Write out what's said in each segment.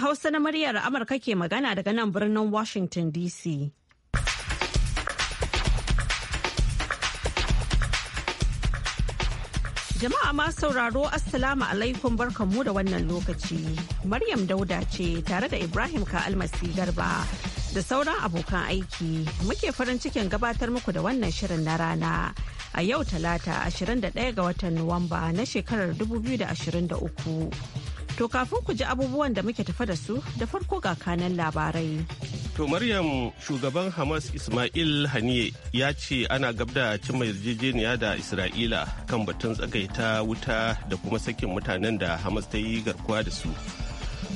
Hausa na muryar Amurka ke magana daga nan birnin Washington DC. Jama'a ma sauraro Assalamu alaikum barkanmu da wannan lokaci. Maryam Dauda ce tare da Ibrahim Ka'almasi Garba da sauran abokan aiki muke farin cikin gabatar muku da wannan shirin na rana. A yau talata 21 ga watan Nuwamba na shekarar 2023. To kafin ku ji abubuwan da muke tafa da su da farko ga kanan labarai. To Maryam shugaban Hamas Ismail Haniye ya ce ana gabda cimma yarjejeniya da Isra'ila kan batun tsakaita wuta da kuma sakin mutanen da Hamas ta yi garkuwa da su.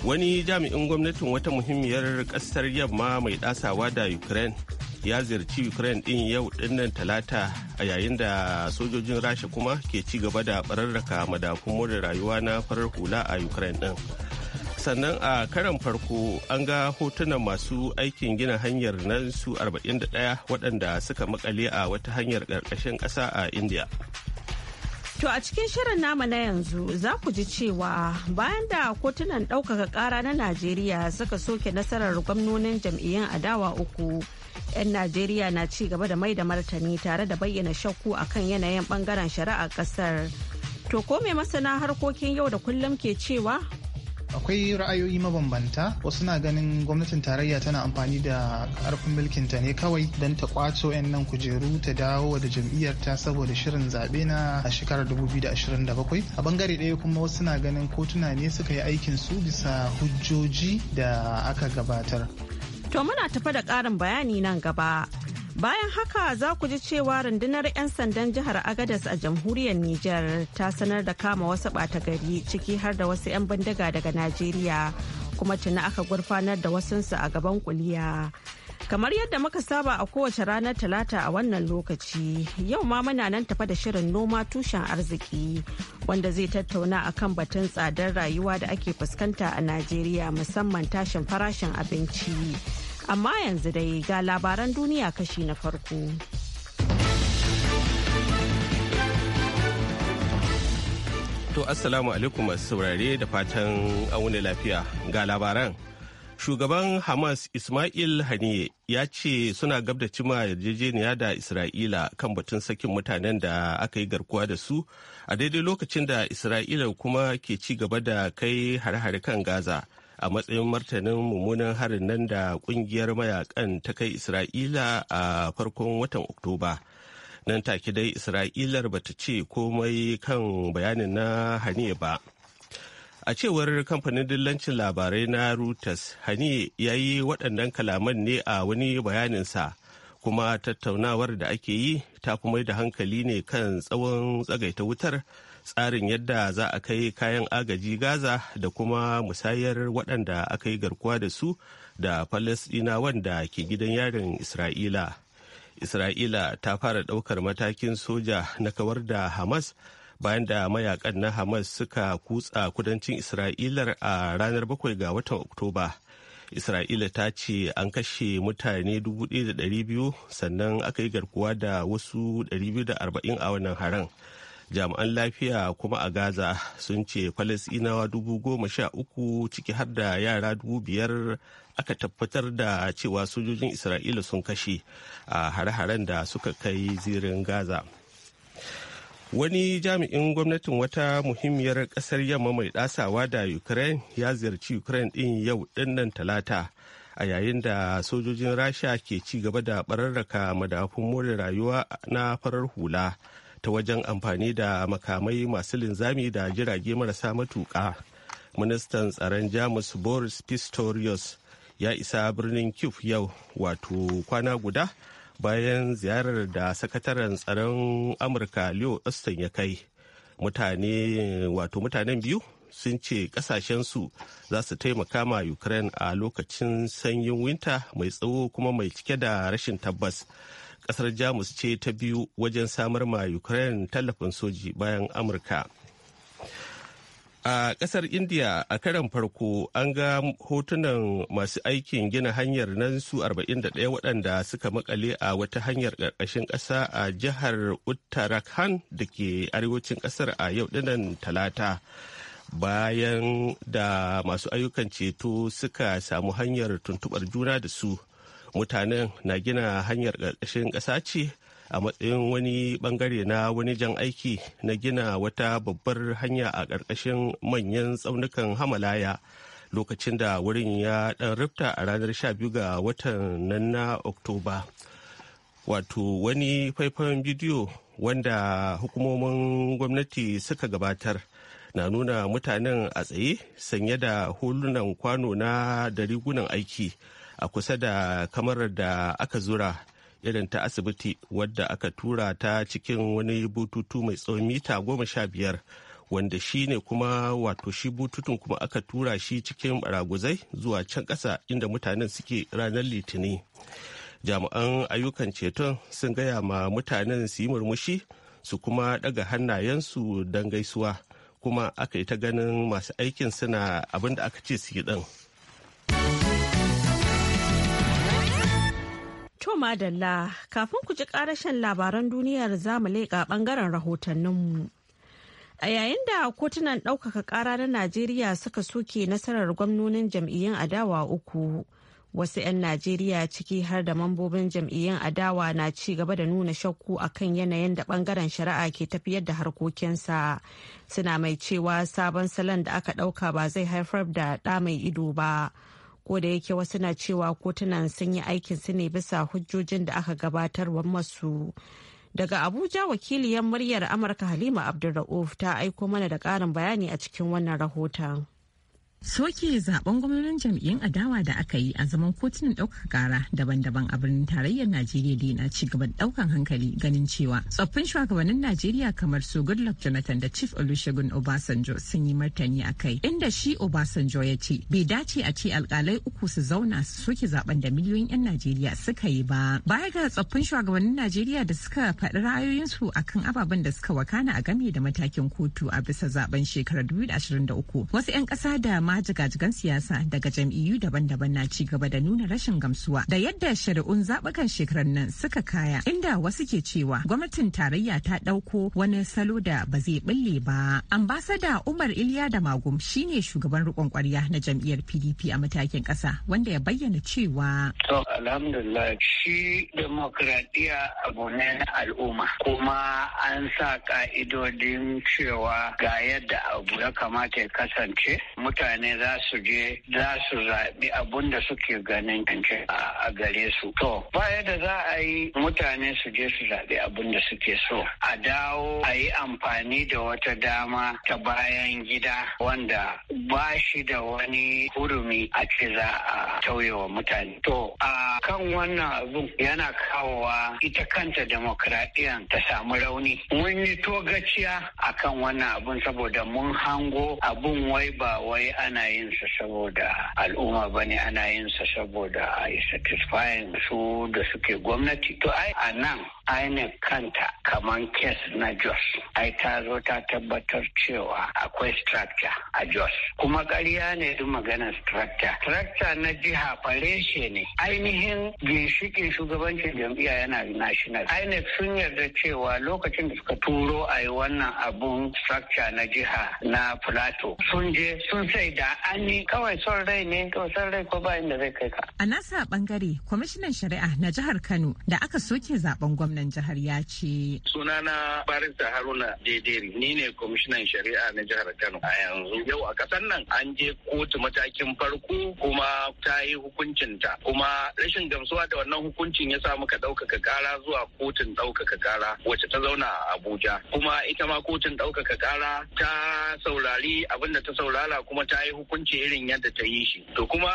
Wani jami'in gwamnatin wata muhimmiyar kasar yamma mai ɗasawa da Ukraine ya ziyarci ukraine din yau dinnan talata a yayin da sojojin rasha kuma ke ci gaba da bararraka madafun more rayuwa na farar hula a ukraine din sannan a karan farko an ga hotunan masu aikin gina hanyar nan su 41 waɗanda suka makale a wata hanyar ƙarƙashin ƙasa a india To a cikin shirin nama na yanzu za ku ji cewa bayan da kotunan ɗaukaka ƙara na Najeriya suka soke nasarar gwamnonin jam'iyyun adawa uku. 'Yan Najeriya na ci gaba da mai da martani tare da bayyana shakku a kan yanayin bangaren shari'ar ƙasar. To ko mai masana harkokin yau da kullum ke cewa akwai ra'ayoyi mabambanta wasu na ganin gwamnatin tarayya tana amfani da karfin mulkinta ne kawai don ta kwato 'yan nan kujeru ta dawo da jam'iyyar ta saboda shirin zaɓe na a shekarar 2027 a bangare ɗaya kuma wasu na ganin kotuna ne suka yi aikin su bisa hujjoji da aka gabatar to muna tafa da ƙarin bayani nan gaba Bayan haka za ku ji cewa rundunar 'yan sandan jihar Agadas a jamhuriyar Nijar ta sanar da kama wasu ɓata gari ciki har da wasu 'yan bindiga daga Najeriya kuma tuna aka gurfanar da wasunsu a gaban kuliya. Kamar yadda muka saba a kowace ranar talata a wannan lokaci yau ma muna nan tafa da shirin noma tushen arziki wanda zai tattauna a kan batun tsadar rayuwa da ake fuskanta a Najeriya musamman tashin farashin abinci. Amma yanzu dai ga labaran duniya kashi na farko. To Assalamu alaikum masu saurare da fatan auna lafiya ga labaran. Shugaban Hamas Ismail Haniye ya ce suna gab da cima yarjejeniya da Isra'ila kan batun sakin mutanen da aka yi garkuwa da su a daidai lokacin da Isra'ila kuma ke ci gaba da kai hare-hare kan Gaza. a matsayin martanin mummunan harin nan da kungiyar mayakan ta kai isra'ila a farkon watan oktoba nan take dai isra'ilar bata ce komai kan bayanin na haniye ba a cewar kamfanin dillancin labarai na reuters haniye ya yi waɗannan kalaman ne a wani bayaninsa kuma tattaunawar da ake yi ta kuma da hankali ne kan tsawon tsagaita wutar tsarin yadda za a kai kayan agaji gaza da kuma musayar waɗanda aka yi garkuwa da su da falasɗina wanda ke gidan yarin isra'ila isra'ila ta fara ɗaukar matakin soja na kawar da hamas bayan da mayakan na hamas suka kutsa kudancin isra'ilar a ranar 7 ga watan oktoba isra'ila ta ce an kashe mutane 1,200 sannan aka yi garkuwa da wasu 240 a wannan haran jami'an lafiya kuma a gaza sun ce falasinawa dubu goma sha uku ciki har da yara dubu biyar aka tabbatar da cewa sojojin isra'ila sun kashe a hare-haren da suka kai zirin gaza wani jami'in gwamnatin wata muhimmiyar kasar yamma mai dasawa da ukraine ya ziyarci ukraine din yau dinnan talata a yayin da sojojin rasha ke ci gaba da bararraka madafun more rayuwa na farar hula ta wajen amfani da makamai masu linzami da jirage marasa matuƙa. Ministan tsaron Jamus Boris Pistorius ya isa birnin Kyiv yau wato kwana guda bayan ziyarar da sakataren tsaron Amurka Leo Austin ya kai. Mutane wato mutanen biyu sun ce kasashensu za su taimaka ma Ukraine a lokacin sanyin winta mai tsawo kuma mai cike da rashin tabbas. kasar jamus ce ta biyu wajen samar ma ukraine tallafin soji bayan amurka a kasar india a karan farko an ga hotunan masu aikin gina hanyar nan su 41 waɗanda suka makale a wata hanyar ƙarƙashin ƙasa a jihar uttarakhand da ke arewacin ƙasar a yau ɗinan talata bayan da masu ayyukan ceto suka samu hanyar tuntubar juna da su mutanen na gina hanyar ƙarƙashin ƙasa ce a matsayin wani bangare na wani jan aiki na gina wata babbar hanya a ƙarƙashin manyan tsaunukan hamalaya lokacin da wurin ya ɗan rufta a ranar 12 ga watan nan na oktoba wato wani faifan bidiyo wanda hukumomin gwamnati suka gabatar na nuna mutanen a tsaye sanye da hulunan kwano na da rigunan aiki a kusa da kamarar da aka zura irin ta asibiti wadda aka tura ta cikin wani bututu mai tsawon mita goma sha biyar wanda shi ne kuma wato shi bututun kuma aka tura shi cikin baraguzai zuwa can ƙasa inda mutanen suke ranar litini jami'an ayyukan ceton sun gaya ma mutanen su yi murmushi su kuma daga hannayensu don gaisuwa kuma aka yi ta ganin masu aikin suna abin da aka ce su yi ɗin. To madalla kafin ku ji karashen labaran duniyar zamu leƙa ɓangaren rahotanninmu. A yayin da kotunan ɗaukaka ƙara na Najeriya suka soke nasarar gwamnonin jam'iyyun adawa uku. Wasu 'yan Najeriya ciki har da mambobin jam'iyyun adawa na ci gaba da nuna shakku a kan yanayin da bangaren shari'a ke tafiyar da harkokinsa. Suna mai cewa sabon salon da aka ɗauka ba zai haifar da ɗa mai ido ba. ko da yake wasu na cewa kotunan sun yi aikin su ne bisa hujjojin da aka gabatar wa masu daga abuja wakiliyar muryar amurka halima abdulra'uf ta aiko mana da ƙarin bayani a cikin wannan rahoton soke zaben gwamnonin jam'iyyun adawa da aka yi a zaman kotunan ɗaukar kara daban-daban a birnin tarayyar najeriya da yana ci gaban ɗaukan hankali ganin cewa tsoffin shugabannin najeriya kamar su goodluck jonathan da chief olusegun obasanjo sun yi martani a kai inda shi obasanjo ya ce bai dace a ce alkalai uku su zauna su soke zaben da miliyoyin 'yan najeriya suka yi ba baya ga tsoffin shugabannin najeriya da suka faɗi ra'ayoyinsu akan ababen da suka wakana a game da matakin kotu a bisa zaben shekarar 2023 wasu 'yan kasa da ma majigajigan jigajigan siyasa daga jam'iyyu daban-daban na ci gaba da nuna rashin gamsuwa da yadda shari'un zaɓukan shekarar nan suka kaya inda wasu ke cewa gwamnatin tarayya ta ɗauko wani salo da ba zai ɓille ba. Ambasada Umar Iliya da Magum shine shugaban rukun kwarya na jam'iyyar PDP a matakin ƙasa wanda ya bayyana cewa. To shi demokradiyya abu ne na al'umma kuma an sa ka'idodin cewa ga yadda abu ya kamata ya kasance mutane mutane za su je za su zaɓi abun da suke ganin cance a gare su. To, ba da za a yi mutane su je su zaɓi abun da suke so. A dawo a yi amfani da wata dama ta bayan gida wanda ba shi da wani hurumi a ce za a tauyewa mutane. To, a kan wannan abun yana kawowa ita kanta demokradiyyar ta samu rauni. Mun yi togaciya a kan wannan abun saboda mun hango abun wai ba wai an ana yin sa saboda al'umma ba ne ana yin sa saboda satisfying su da suke gwamnati to ai a nan INEC kanta kamar kes na Jos. Ai ta zo ta tabbatar cewa akwai structure a Jos. Kuma ƙarya ne duk magana structure. Structure na jiha fareshe ne. Ainihin ginshikin shugabancin jam'iyya yana national. INEC sun yarda cewa lokacin da suka turo a yi wannan abun structure na jiha na Plateau. Sun je sun sai da ani kawai son rai ne to son rai ko ba da zai kai ka. A nasa bangare kwamishinan shari'a na jihar Kano da aka soke zaben gwamna. gwamnan jihar ya ce. Sunana Barista Haruna Dederi ni ne kwamishinan shari'a na jihar Kano a yanzu. Yau a kasan nan an je kotu matakin farko kuma ta yi hukuncinta kuma rashin gamsuwa da wannan hukuncin ya sa muka ɗaukaka kara zuwa kotun ɗaukaka kara wacce ta zauna a Abuja. Kuma ita ma kotun ɗaukaka kara ta saurari abin da ta saurara kuma ta yi hukunci irin yadda ta yi shi. To kuma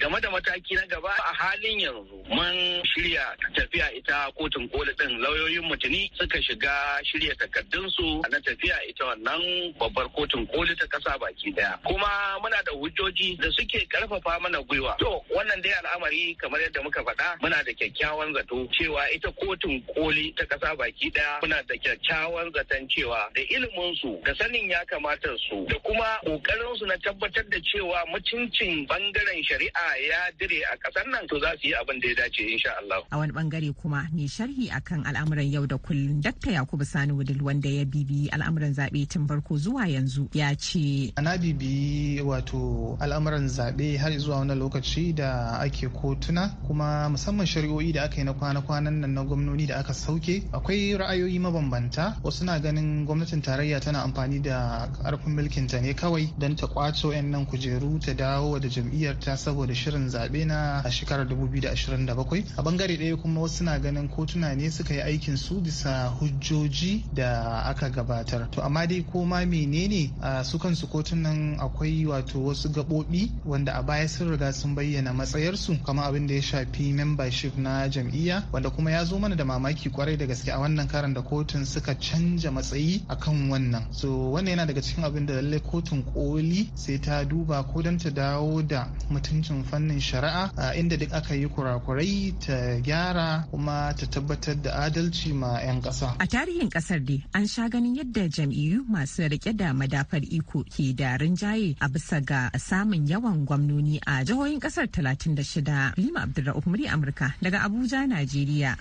game da mataki na gaba a halin yanzu mun shirya tafiya ita kotun koli ɗin lauyoyin mutuni suka shiga shirya takardunsu na tafiya ita wannan babbar kotun koli ta kasa baki ɗaya Kuma muna da hujjoji da suke karfafa mana gwiwa. To wannan dai al'amari kamar yadda muka faɗa muna da kyakkyawan zato cewa ita kotun koli ta kasa baki ɗaya muna da kyakkyawan zaton cewa da ilimin da sanin ya kamata su da kuma ƙoƙarinsu na tabbatar da cewa mutuncin bangaren shari'a ya dire a ƙasar nan to za su yi abin da ya dace insha Allah. A wani bangare kuma ne sharhi akan kan al'amuran yau da kullum dakta yakubu sani wudil wanda ya bibi al'amuran zaɓe tun farko zuwa yanzu ya ce ana bibi wato al'amuran zaɓe har zuwa wani lokaci da ake kotuna kuma musamman shari'o'i da aka yi na kwana-kwanan nan na gwamnoni da aka sauke akwai ra'ayoyi mabambanta wasu na ganin gwamnatin tarayya tana amfani da karfin mulkin ta ne kawai don ta kwaco 'yan nan kujeru ta dawo da jam'iyyar ta saboda shirin zaɓe na a shekarar 2027 a bangare ɗaya kuma wasu na ganin kotuna ne su suka yi aikin su bisa hujjoji da aka gabatar to amma dai ko ma menene su kansu kotun nan akwai wato wasu gaɓoɓi wanda a baya sun riga sun bayyana matsayarsu kama abin da ya shafi membership na jam'iyya wanda kuma ya zo mana da mamaki kwarai da gaske a wannan karan da kotun suka canja matsayi akan wannan so wannan yana daga cikin abin da lallai kotun koli sai ta duba ko don ta dawo da mutuncin fannin shari'a inda duk aka yi kurakurai ta gyara kuma ta tabbatar da adalci ma 'yan ƙasa. A tarihin ƙasar dai an sha ganin yadda jam'iyyu masu rike da madafar iko ke da rinjaye a bisa ga samun yawan gwamnoni a jihohin ƙasar 36. Halima Abdulra'uf muri Amurka daga Abuja, Najeriya.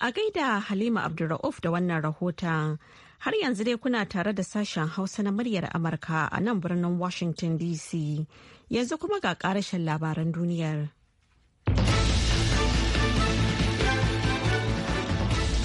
A gaida Halima Abdulra'uf da wannan rahoton har yanzu dai kuna tare da sashen Hausa na muryar Amurka a nan birnin Washington DC. Yanzu kuma ga ƙarashin labaran duniyar.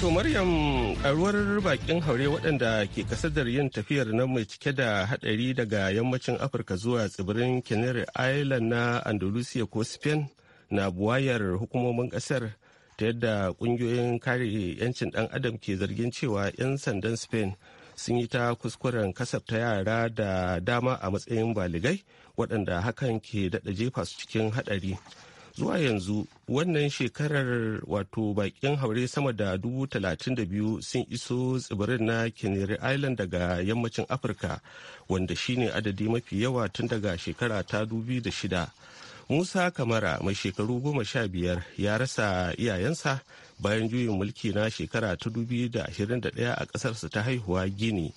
To Maryam karuwar bakin haure waɗanda ke kasadar yin tafiyar nan mai cike da haɗari daga yammacin Afirka zuwa tsibirin Canary Island na Andalusia ko Spain na buwayar hukumomin ƙasar ta yadda ƙungiyoyin kare 'yancin dan adam ke zargin cewa 'yan sandan Spain sun yi ta kuskuren kasafta yara da dama a matsayin baligai waɗanda hakan ke daɗa jefa su cikin haɗari. zuwa yanzu wannan shekarar wato bakin haure sama da dubu talatin da biyu sun iso tsibirin na canary island daga yammacin afirka wanda shine adadi mafi yawa tun daga shekara ta dubi da shida musa kamara mai shekaru goma sha biyar ya rasa iyayensa bayan juyin mulki na shekara ta dubi da ashirin da daya a kasarsa ta haihuwa gini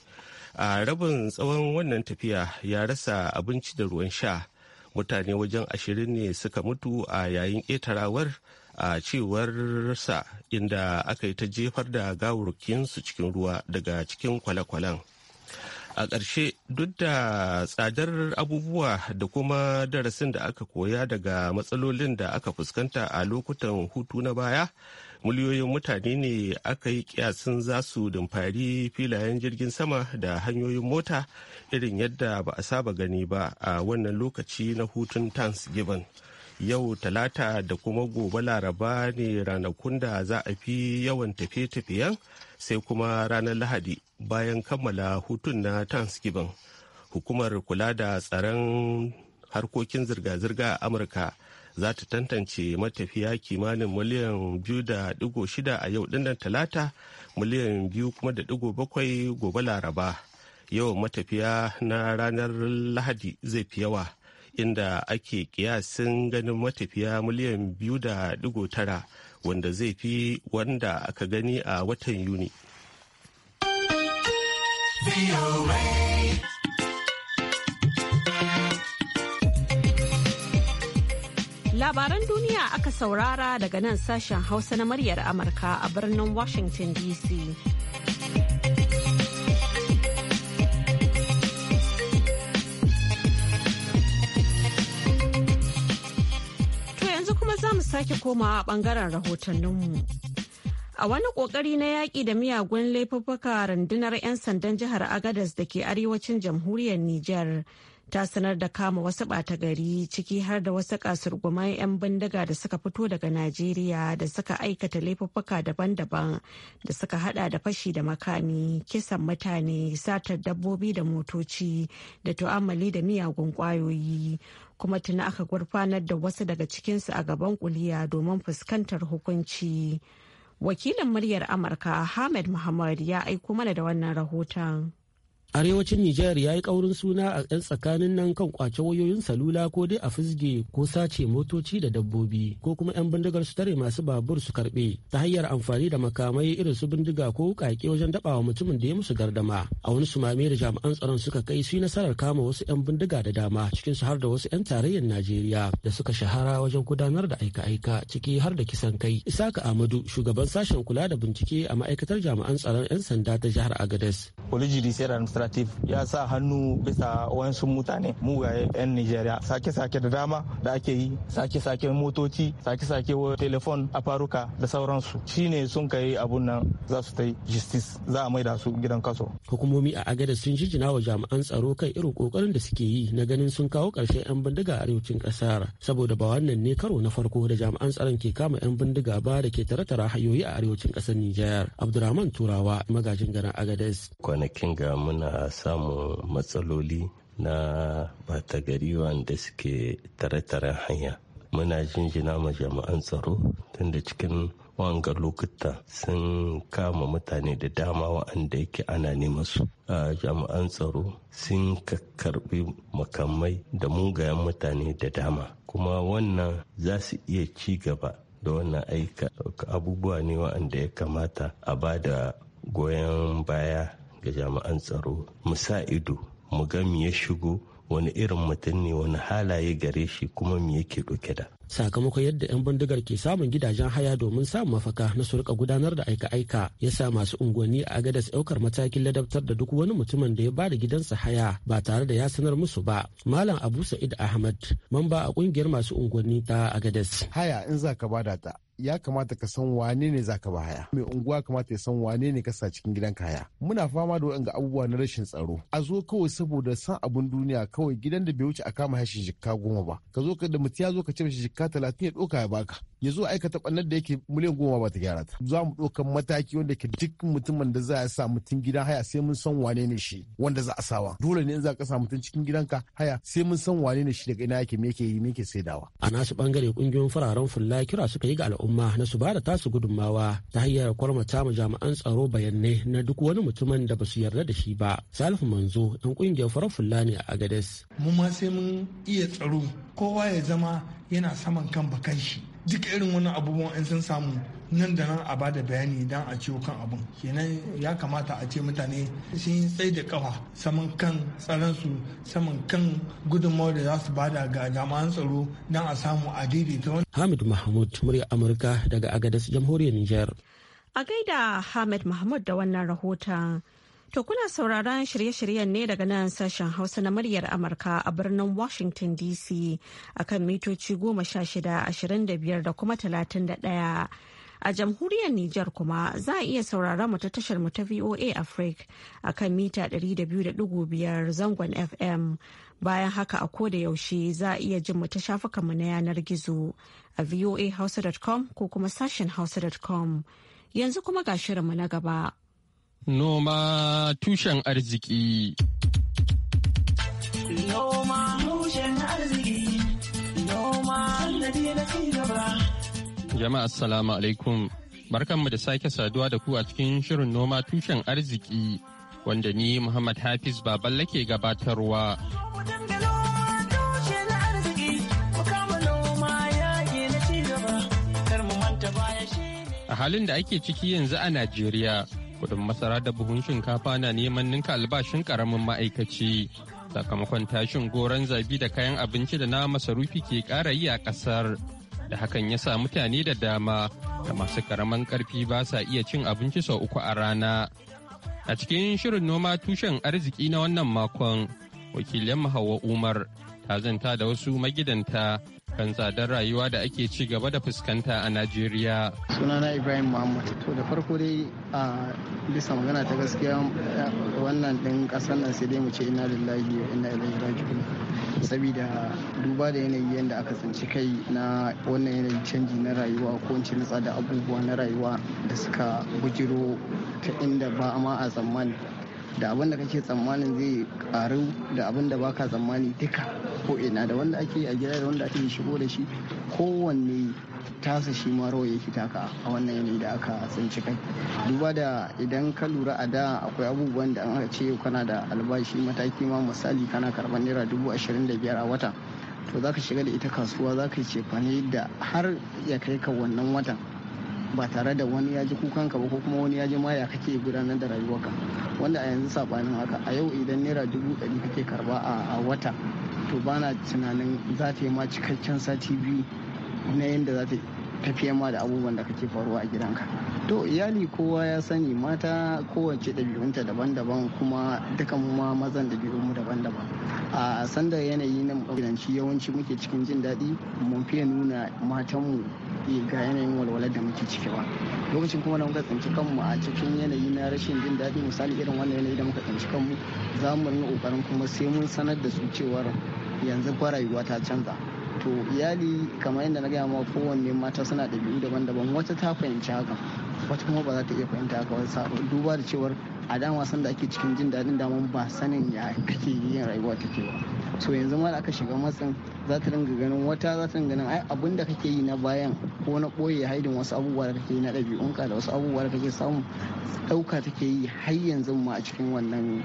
a rabin tsawon wannan tafiya ya rasa abinci da ruwan sha mutane wajen ashirin ne suka mutu a yayin ƙetarawar a cewar sa inda aka yi ta jefar da gawurkinsu cikin ruwa daga cikin kwale-kwalen a ƙarshe duk da tsadar abubuwa da kuma darasin da aka koya daga matsalolin da aka fuskanta a lokutan hutu na baya miliyoyin mutane ne aka yi kiyasin za su dumfari filayen jirgin sama da hanyoyin mota irin yadda ba a saba gani ba a wannan lokaci na hutun thanksgiving yau talata da kuma gobe laraba ne ranakun da za a fi yawan tafiye-tafiyen sai kuma ranar lahadi bayan kammala hutun na thanksgiving hukumar kula da tsaron harkokin zirga-zirga a amurka za ta tantance matafiya kimanin miliyan biyu da a yau dinnan talata miliyan biyu kuma gobe laraba yau matafiya na ranar lahadi zai fi yawa inda ake kiyasin ganin matafiya miliyan biyu da digo tara wanda zai fi wanda aka gani a watan yuni labaran duniya aka saurara daga nan sashen hausa na muryar amurka a birnin washington dc sake komawa bangaren rahotanninmu. A wani kokari na yaƙi da miyagun laifuffuka rundunar 'yan sandan jihar Agadas da ke arewacin jamhuriyar Nijar ta sanar da kama wasu ɓata gari ciki har da wasu kasurguman 'yan bindiga da suka fito daga Najeriya da suka aikata laifuffuka daban-daban da suka hada da fashi da makami, kisan mutane, satar dabbobi da motoci da tu'ammali da miyagun ƙwayoyi. kuma tuni aka gurfanar da wasu daga cikinsu a gaban kuliya domin fuskantar hukunci wakilin muryar amurka ahmed muhammad ya aiko mana da wannan rahoton arewacin Nijar ya yi ƙaurin suna a 'yan tsakanin nan kan kwace wayoyin salula ko dai a fizge ko sace motoci da dabbobi ko kuma 'yan bindigar su tare masu babur su karbe ta hanyar amfani da makamai irin su bindiga ko kake wajen dabawa mutumin da ya musu gardama a wani sumame da jami'an tsaron suka kai su nasarar kama wasu 'yan bindiga da dama cikin su har da wasu 'yan tarayyar Najeriya da suka shahara wajen gudanar da aika-aika ciki har da kisan kai Isaka ahmadu shugaban sashen kula da bincike a ma'aikatar jami'an tsaron 'yan sanda ta jihar Agadez. Kwaliji cooperative ya sa hannu bisa wasu mutane mu ga 'yan nigeria sake-sake da dama da ake yi sake-sake motoci sake-sake telefon a faruka da sauransu shine sun kai abun nan za su ta justice za a maida su gidan kaso hukumomi a agada sun jijina wa jami'an tsaro kai irin kokarin da suke yi na ganin sun kawo karshen 'yan bindiga a arewacin kasar saboda ba wannan ne karo na farko da jami'an tsaron ke kama 'yan bindiga ba da ke tare-tare hayoyi a arewacin kasar nijar abdulrahman turawa magajin garin agades kwanakin ga muna ana samun matsaloli na bata gari wanda suke tare-taren hanya muna jinjina ma jami'an tsaro tunda cikin wanga lokuta sun kama mutane da dama wa'anda yake ana nema su a jami'an tsaro sun karbi makamai da mugayen mutane da dama kuma wannan za su iya ci gaba da wannan aika abubuwa ne wa'anda ya kamata a ba da goyon baya ga jami'an tsaro mu sa ido mu ga ya shigo wani irin mutum ne wani halaye gare shi kuma me yake ɗauke da. sakamakon yadda 'yan bindigar ke samun gidajen haya domin samun mafaka na su gudanar da aika-aika ya sa masu unguwanni a agadas ɗaukar matakin ladabtar da duk wani mutumin da ya ba da gidansa haya ba tare da ya sanar musu ba malam abu sa'id ahmad mamba a ƙungiyar masu unguwanni ta agadas haya in za ka ba da ta ya kamata ka san wane ne zaka ba haya mai unguwa kamata ya san wane ne kasa cikin gidan kaya muna fama da waɗanda abubuwa na rashin tsaro a zo kawai saboda san abun duniya kawai gidan da bai wuce a kama hashi jikka goma ba ka zo ka da mutum ya zo ka ce mashi jikka talatin ya ɗauka ya baka ya zo aikata ɓannar da yake miliyan goma ba ta gyara ta za mu ɗaukan mataki wanda ke duk mutumin da za a sa mutum gidan haya sai mun san wane ne shi wanda za a sawa dole ne in za ka sa mutum cikin gidanka haya sai mun san wane ne shi daga ina yake me yake yi me yake saidawa a nasu bangare kungiyoyin fararen fulla kira suka yi ga al'umma al'umma na su bada tasu gudunmawa ta hanyar kwarmata ma jami'an tsaro bayanne na duk wani mutumin da basu yarda da shi ba salifu manzo ɗan kungiyar farar fulani a agades mu ma sai mun iya tsaro kowa ya zama yana saman kan bakan shi duk irin wani abubuwan in sun samu nan da nan a ba da bayani don a ciwo kan abun kenan ya kamata a ce mutane sun tsaye da kafa saman kan tsaransu saman kan gudunmawar da za su bada ga jami'an tsaro don a samu a daidaita wani. hamid mahmud murya amurka daga agadas jamhuriyar niger a gaida hamid mahmud da wannan rahoton To kuna sauraron shirye-shiryen ne daga nan sashen Hausa na muryar Amurka a birnin Washington DC akan mitoci goma sha shida ashirin da biyar da kuma talatin da ɗaya. A jamhuriyar Nijar kuma za a iya saurara mu ta tashar mu ta VOA Africa a kan mita 200.5 zangon FM. Bayan haka a koda yaushe za a iya jin mu ta shafuka mu na yanar gizo a voahausa.com ko kuma sashen hausa.com. Yanzu kuma ga shirinmu na gaba. Noma tushen arziki. Noma tushen arziki. Noma na ci gaba. Jama'a assalamu alaikum. Barkanmu da sake saduwa da ku a cikin shirin noma tushen arziki wanda ni Muhammad Hafiz Baballe ke gabatarwa. A halin da ake ciki yanzu a Najeriya, kudin masara da buhun shinkafa na neman ninka albashin karamin ma'aikaci. Sakamakon tashin goron zabi da kayan abinci da na masarufi ke ƙara yi a ƙasar. da hakan ya sa mutane da dama da masu karaman karfi ba sa iya cin abinci sau uku a rana. A cikin shirin noma tushen arziki na wannan makon, wakilin Hauwa Umar ta zanta da wasu magidanta kan tsadar rayuwa da ake ci gaba da fuskanta a Najeriya. Sunana Ibrahim Muhammad. To da farko dai a bisa magana ta gaskiya wannan ɗin ƙasar nan sai dai mu ce ina lillahi wa ina ilaihi raji'un. saboda duba da yanayi yadda aka tsinci kai na wannan yanayi canji na rayuwa ko in na tsada abubuwa na rayuwa da suka bujiro ta inda ba ma a tsammani da abin da kake tsammanin zai karu da abin da baka tsammani duka ko ina da wanda ake a gida da wanda ake shigo da shi kowanne tasa shi ma rawa yake taka a wannan yanayi da aka tsinci kai duba da idan ka lura a da akwai abubuwan da an ce kana da albashi mataki ma misali kana karban naira dubu ashirin da biyar a wata to zaka shiga da ita kasuwa zaka yi cefane da har ya kai ka wannan watan ba tare da wani ya ji kukan ka ba ko kuma wani ya ji maya ya kake gudanar da rayuwarka wanda a yanzu sabanin haka a yau idan naira dubu ɗari kake karba a wata to bana tunanin za ta yi ma cikakken sati biyu na yadda za ta tafiye ma da abubuwan da kake faruwa a gidanka to iyali kowa ya sani mata kowace ɗabi'unta daban-daban kuma dukan ma mazan mu daban-daban a sanda yanayi na maganci yawanci muke cikin jin daɗi mun fiye nuna matanmu ga yanayin walwalar da muke ciki ba lokacin kuma da muka tsinci kanmu a cikin yanayi na rashin jin daɗi misali irin wannan yanayi da muka tsinci kanmu za mu ƙoƙarin kuma sai mun sanar da su cewar yanzu fa rayuwa ta canza to iyali kamar yadda na gaya ma kowanne mata suna ɗabi'u daban-daban wata ta fahimci hakan wata kuma ba za ta iya fahimta haka wani sabo duba da cewar a dama wasan da ake cikin jin daɗin daman ba sanin ya kake yin rayuwa ta ke ba so yanzu ma da aka shiga matsin za ta ringa ganin wata za ta dinga ganin ai abin da kake yi na bayan ko na ɓoye haidin wasu abubuwa da kake yi na ɗabi'unka da wasu abubuwa da kake samu ɗauka take yi har yanzu ma a cikin wannan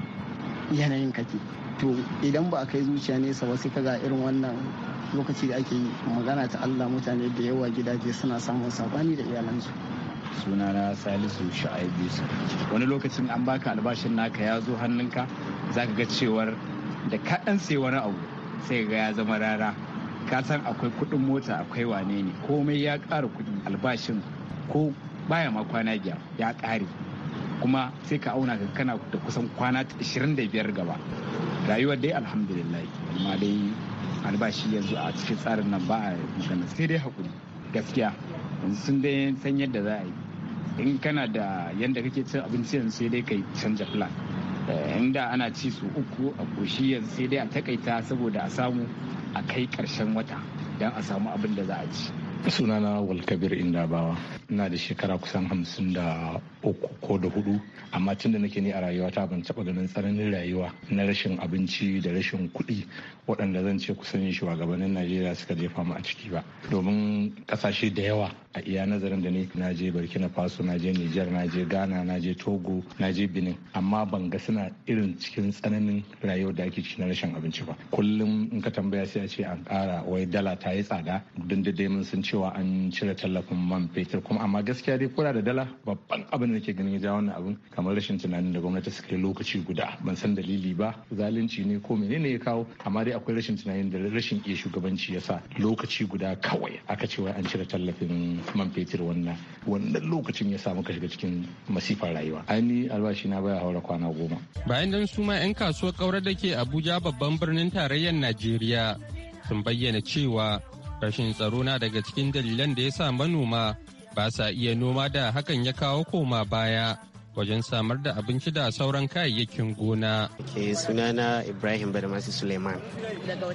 yanayin kake to idan ba a kai zuciya nesa ba sai ka ga irin wannan lokaci da ake yi magana ta Allah mutane da yawa gidaje suna samun sabani da iyalansu sunana salisu sha'aibu wani lokacin an baka albashin naka ya zo hannunka za ka ga cewar da kaɗan sai wani abu sai ga ya zama rara ka san akwai kuɗin mota akwai wane ne komai ya ƙara kuɗin albashin ko baya ma kwana biyar ya ƙare kuma sai ka auna ka kana da kusan kwana da biyar gaba rayuwar dai alhamdulillah amma dai albashi yanzu a cikin tsarin nan ba a magana sai dai hakuri gaskiya yanzu sun dai san yadda za a yi in kana da yadda kake cin abinci yanzu sai dai kai canja plan eh, inda ana ci su uku a koshi yanzu sai dai a takaita saboda a samu a kai karshen wata don a samu abin da za a ci sunana walkabir inda bawa ina da shekara kusan hamsin da uku ko da hudu amma tun da nake ni a rayuwa ta ban taba ganin tsananin rayuwa na rashin abinci da rashin kuɗi waɗanda zan ce kusan shugabannin najeriya suka jefa mu a ciki ba domin ƙasashe da yawa a iya nazarin da ni na je burkina faso na je niger na je ghana na je togo na je benin amma ban ga suna irin cikin tsananin rayuwar da ake cikin rashin abinci ba kullum in ka tambaya sai a ce an kara wai dala ta yi tsada don da mun sun cewa an cire tallafin man fetur kuma amma gaskiya dai kura da dala babban abin da ke ganin ya wannan abin kamar rashin tunanin da gwamnati suka yi lokaci guda ban san dalili ba zalunci ne ko menene ya kawo amma dai akwai rashin tunanin da rashin iya shugabanci ya sa lokaci guda kawai aka ce wai an cire tallafin man fetur wannan wannan lokacin ya samu ka shiga cikin masifar rayuwa ainihin albashi na baya haura kwana goma bayan nan su 'yan kasuwar kaurar da ke abuja babban birnin tarayyar najeriya sun bayyana cewa rashin tsaro na daga cikin dalilan da ya sa manoma ba sa iya noma da hakan ya kawo koma baya wajen samar da abinci da sauran kayayyakin gona. Ke sunana Ibrahim Badamasi Suleiman. Daga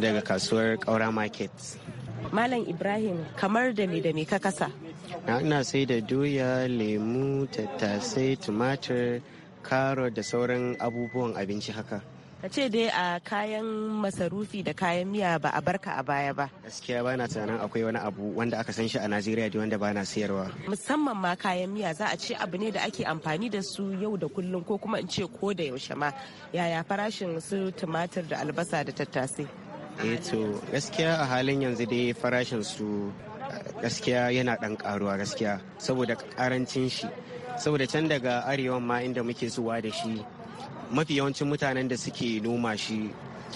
Daga kasuwar Kaura Market. Malam Ibrahim kamar da me da me ka kasa? Na ina sai da doya, lemu, tattasai, tumatir, karo, da sauran abubuwan abinci haka. Ka ce dai a kayan masarufi da kayan miya ba a barka a baya ba. Gaskiya ba na tunanin akwai wani abu wanda aka san shi a Najeriya da wanda ba na sayarwa. Musamman ma kayan miya za a ce abu ne da ake amfani da su yau da kullum ko kuma in ce ko da yaushe ma. Yaya farashin su tumatir da albasa da tattasai? eh to gaskiya a halin yanzu dai farashin su eh, gaskiya yana dan karuwa gaskiya saboda karancin shi saboda can daga arewa ma inda muke zuwa da shi mafi yawancin mutanen da suke noma shi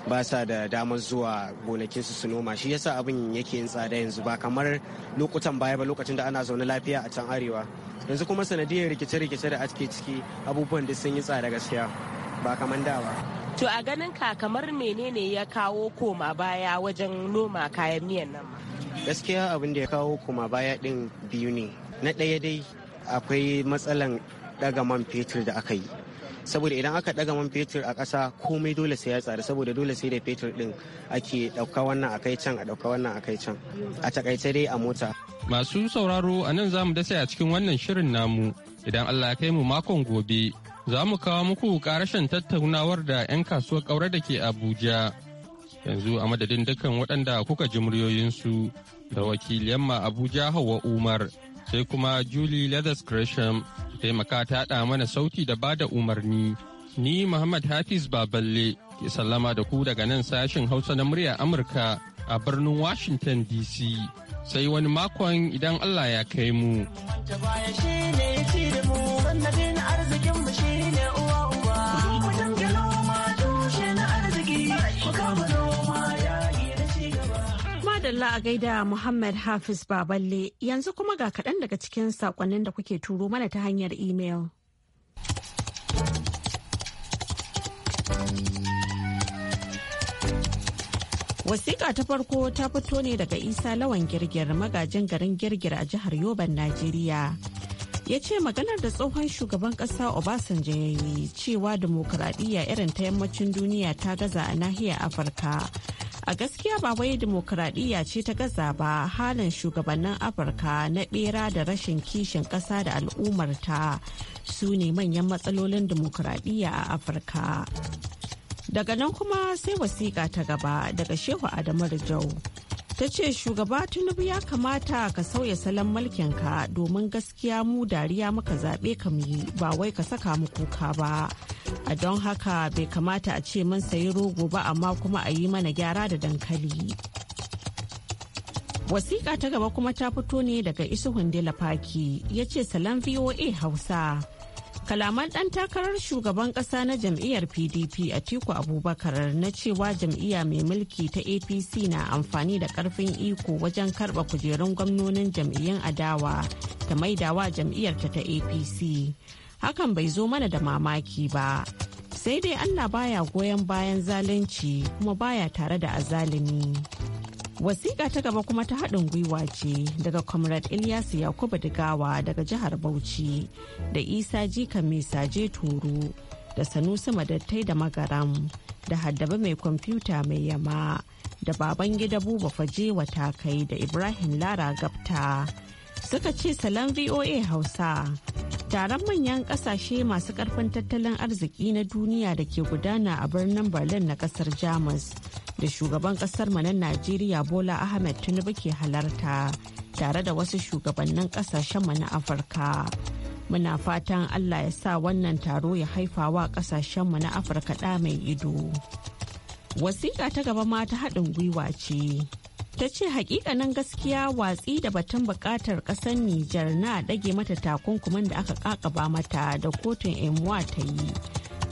ba sa da damar zuwa gonakin su su noma shi yasa abin yake yin tsada yanzu ba kamar lokutan baya ba lokacin da ana zaune lafiya a can arewa yanzu kuma sanadiyar rikice-rikice da ake ciki abubuwan da sun yi tsada gaskiya ba kamar da ba To a ganin ka kamar menene ya kawo koma baya wajen noma kayan miyan nan? Gaskiya abin da ya kawo koma baya din biyu ne. Na ɗaya dai akwai matsalan ɗaga man fetur da aka yi. saboda idan aka daga man fetur a ƙasa komai dole sai ya tsari saboda dole sai da fetur din ake ɗauka wannan akai can a ɗauka wannan akai can a takaice dai a mota. masu sauraro a nan za mu dasa a cikin wannan shirin namu idan allah ya kai mu makon gobe za mu kawo muku karashen tattaunawar da 'yan kasuwar ƙaura da ke Abuja. Yanzu a madadin dukkan waɗanda kuka ji muryoyinsu da wakil yamma Abuja Hauwa Umar sai kuma Julie Leathers Gresham taimaka ta haɗa mana sauti da bada umarni. Ni Muhammad Hafiz Baballe ke sallama da ku daga nan sashen Hausa na murya Amurka a birnin Washington DC. Sai wani makon idan Allah ya kai mu. la a gaida Muhammad Hafiz Baballe yanzu kuma ga kaɗan daga cikin saƙonnin da kuke turo mana ta hanyar imel. Wasiƙa ta farko ta fito ne daga Isa Lawan Girgir magajin garin Girgir a jihar Yoban, Najeriya. ya ce maganar da tsohon shugaban ƙasa obasanjo ya yi cewa dimokuraɗiyya irin ta yammacin duniya ta gaza a nahiyar afirka a gaskiya ba wai dimokuraɗiyya ce ta gaza ba halin shugabannin afirka na bera da rashin kishin kasa da al'ummarta su ne manyan matsalolin dimokuraɗiyya a afirka daga nan kuma sai wasiƙa ta gaba daga shehu adamu rijo. ta ce shugaba tinubu ya kamata ka sauya salon mulkin ka domin gaskiya mu dariya muka zaɓe ka yi ba wai ka saka mu kuka ba a don haka bai kamata a ce mun sayi rogo ba amma kuma a yi mana gyara da dankali wasiƙa ta gaba kuma ta fito ne daga isuhun faki ya ce salon voa hausa kalaman ɗan takarar shugaban ƙasa na jam'iyyar pdp a tiku abubakar na cewa jam'iyya mai mulki ta apc na amfani da ƙarfin iko wajen karɓa kujerun gwamnonin jam'iyyun adawa da maidawa jam'iyyarta ta apc hakan bai zo mana da mamaki ba sai dai allah baya goyon bayan zalunci kuma baya tare da azalimi. Wasiƙa ta gaba kuma ta haɗin gwiwa ce daga Comrade Ilyasu Yakubu Digawa daga jihar Bauchi da Isa Jika Mai Saje Turu da Sanusi Madattai da Magaram da Haddaba Mai Kwamfuta Mai Yama da Babangida Buba Faje takai da Ibrahim Lara Gabta. suka ce salon VOA Hausa. Taron manyan kasashe masu ƙarfin tattalin arziki na duniya da ke gudana a birnin Berlin na ƙasar Jamus da shugaban kasar na Najeriya Bola Ahmed Tinubu ke halarta tare da wasu shugabannin ƙasashenmu na Afirka. Muna fatan Allah ya sa wannan taro ya haifa wa mu na Afirka ɗa mai ido. Wasiƙa ta gaba ma ta haɗin gwiwa ce. ta ce hakikanin gaskiya watsi da batun bukatar kasar Nijar na dage mata takunkumin da aka kakaba mata da kotun emuwa ta yi.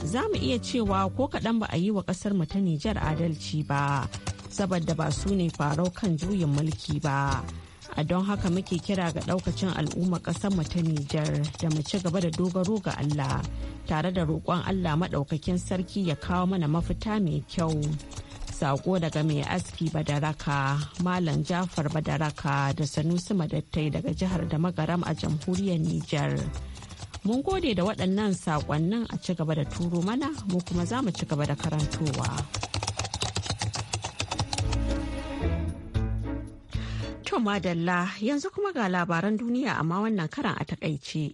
Za mu iya cewa ko kaɗan ba a yi wa ƙasar mu ta Nijar adalci ba, saboda ba su ne farau kan juyin mulki ba. A don haka muke kira ga ɗaukacin al'ummar ƙasar mu ta Nijar da mu ci gaba da dogaro ga Allah, tare da roƙon Allah maɗaukakin sarki ya kawo mana mafita mai kyau. sako daga mai aski badaraka malam jafar badaraka da sanusi madattai daga jihar da magaram a jamhuriyar nijar mun gode da waɗannan saƙonnin a ci gaba da turo mana mu kuma za mu ci gaba da karantowa to madalla yanzu kuma ga labaran duniya amma wannan karan a takaice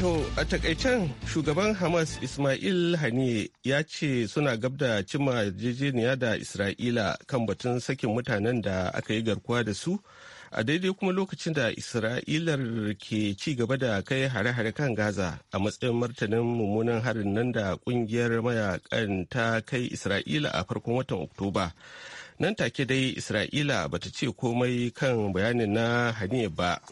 To a takaicen shugaban Hamas Ismail Haniye ya ce suna gab da cimma yarjejeniya da Isra'ila kan batun sakin mutanen da aka yi garkuwa da su a daidai kuma lokacin da Isra'ilar ke ci gaba da kai hare-hare kan Gaza a matsayin martanin mummunan harin nan da kungiyar mayakan ta kai Isra'ila a farkon watan Oktoba. Nan take dai Isra'ila bata ce komai kan bayanin na Haniye ba.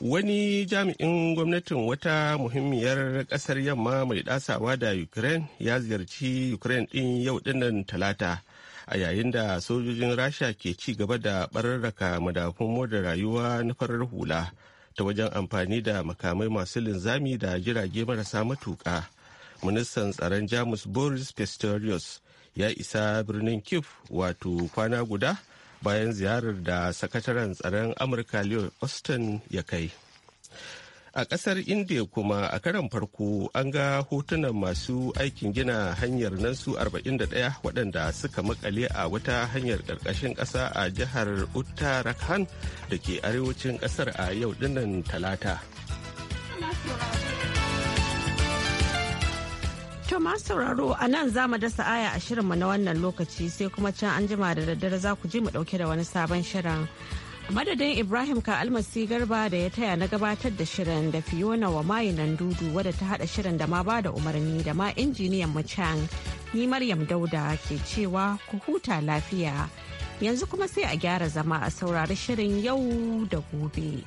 wani jami'in gwamnatin wata muhimmiyar kasar yamma mai dasawa da ukraine ya ziyarci ukraine din yau dinnan talata a yayin da sojojin rasha ke ci gaba da bararraka madafun moda rayuwa na farar hula ta wajen amfani da makamai masu linzami da jirage marasa matuka ministan tsaron jamus boris pistorius ya isa birnin kif wato kwana guda bayan ziyarar da sakataren tsaron amurka leo austin ya kai a kasar india kuma a karan farko an ga hotunan masu aikin gina hanyar nan su 41 waɗanda suka makale a wata hanyar ƙarƙashin ƙasa a jihar uttarakhand da ke arewacin ƙasar a yau dinnan talata To masu sauraro a nan za mu dasa aya a shirinmu na wannan lokaci sai kuma can an jima da daddare za ku ji mu dauke da wani sabon shirin. Madadin Ibrahim ka almasi garba da ya taya na gabatar da shirin da Fiona wa nan dudu wadda ta hada shirin da ma ba da umarni da ma injiniyan mu can ni Maryam Dauda ke cewa ku huta lafiya. Yanzu kuma sai a gyara zama a saurari shirin yau da gobe.